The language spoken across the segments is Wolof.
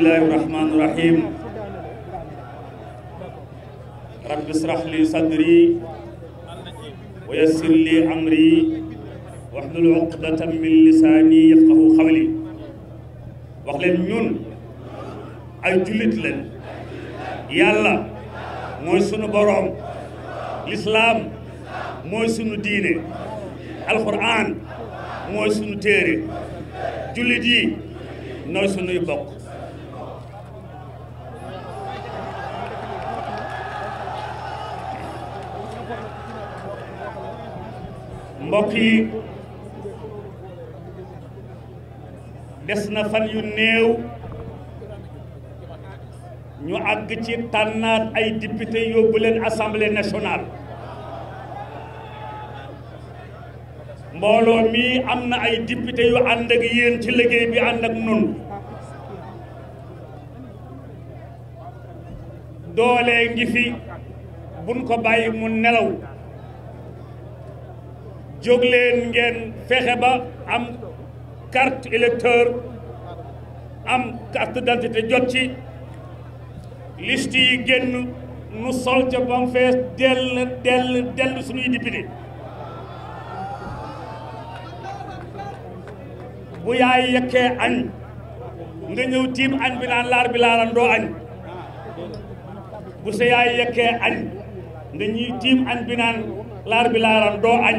bismillahi rahmaani rahim rabbi israh li sadri wa yassir li amri wahlul uqdatan min lisaani yafqahu qawli wax leen ñun ay jullit leen yàlla mooy sunu boroom lislaam mooy sunu diine alquran mooy sunu téere jullit yi nooy sunuy bokk mbokk yi des na fan yu néew ñu àgg ci tànnaat ay député yóbbu leen assemblée nationale mbooloo mii am na ay député yu ànd ak yéen ci liggéey bi ànd ak nun doole ngi fi buñ ko bàyyi mu nelaw jóg leen ngeen fexe ba am carte électeur am carte d'identité jot ci liste yi génn nu sol ca bam fees dell dell dell suñuy député bu yaay yekkee añ nga ñëw tiim añ bi naan laar bi laaran doo añ bu sa yekkee añ nga ñuy tiim añ bi naan laar bi laaram doo añ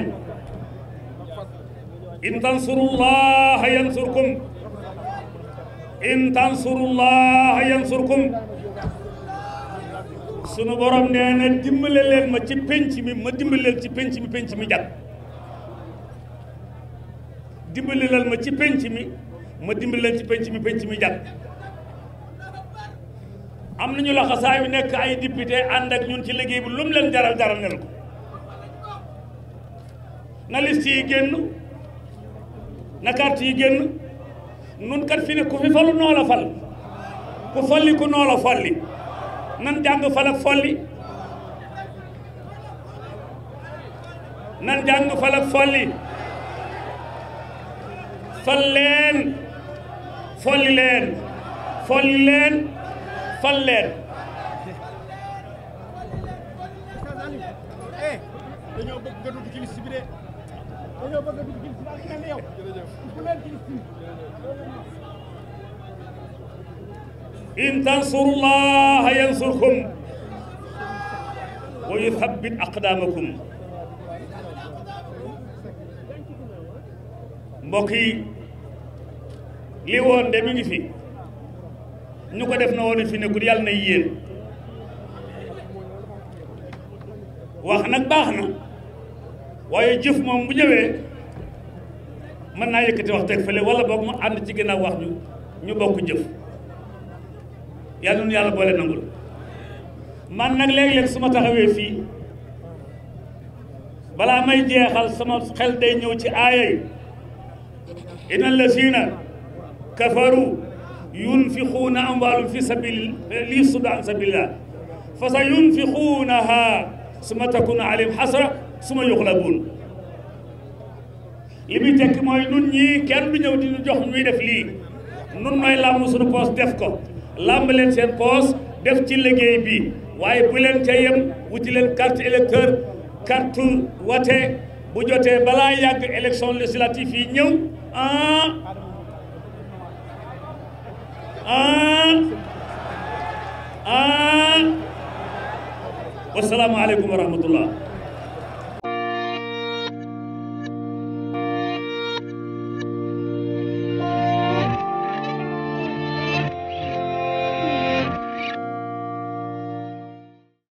in tansurullaha yansurkum in tansurullaha yansurkum sunu borom nee na dimbale ma ci penc mi ma dimbale ci penc mi penc mi ma ci penc mi ma dimbale ci penc mi pénc mi jat am nañu laxasaayu nekk ay député ànd ak ñun ci liggéey bi lu leen jaral jaral leen ko na liste yi génn na carte yi nun kat fi ne ku fi falu noo la fal ku folli ku noo la nan jàng fal ak nan jàng fal ak folli leen folli leen folli leen fal leen eh, dañoo bëgg nga dugg ci liste bi de dañoo bëgg nga dugg ci liste bi ak kenn yow bu leen ci liste bi in tansurullaha yansurkum wa yuthabbit aqdamakum mbokk yi li woon de mi ngi fi ñu ko def na woon fi nekkul yàlla na yéen wax nag baax na waaye jëf moom bu ñëwee mën naa yëkkati wax teg fële wala boog mu ànd ci ginnaaw wax ñu ñu bokk jëf yàlla nu yàlla boole nangul man nag léeg-léeg su ma taxawee fii balaa may jeexal sama xel day ñëw ci aaya yi inna lazina kafaru تنفقون أموال في سبيل لي سبيل الله فسينفقونها ثم تكون عليهم حسرة ثم يغلبون li muy tekk mooy nun ñii kenn du ñëw di ñu jox ñuy def lii nun nooy làmb suñu poos def ko làmb leen seen poos def ci liggéey bi waaye bu leen ca yem wuti leen carte électeur carte wate bu jotee balaa yàgg élection législative yi ñëw ah ah ah wasalaamualeykum wa rahmatullah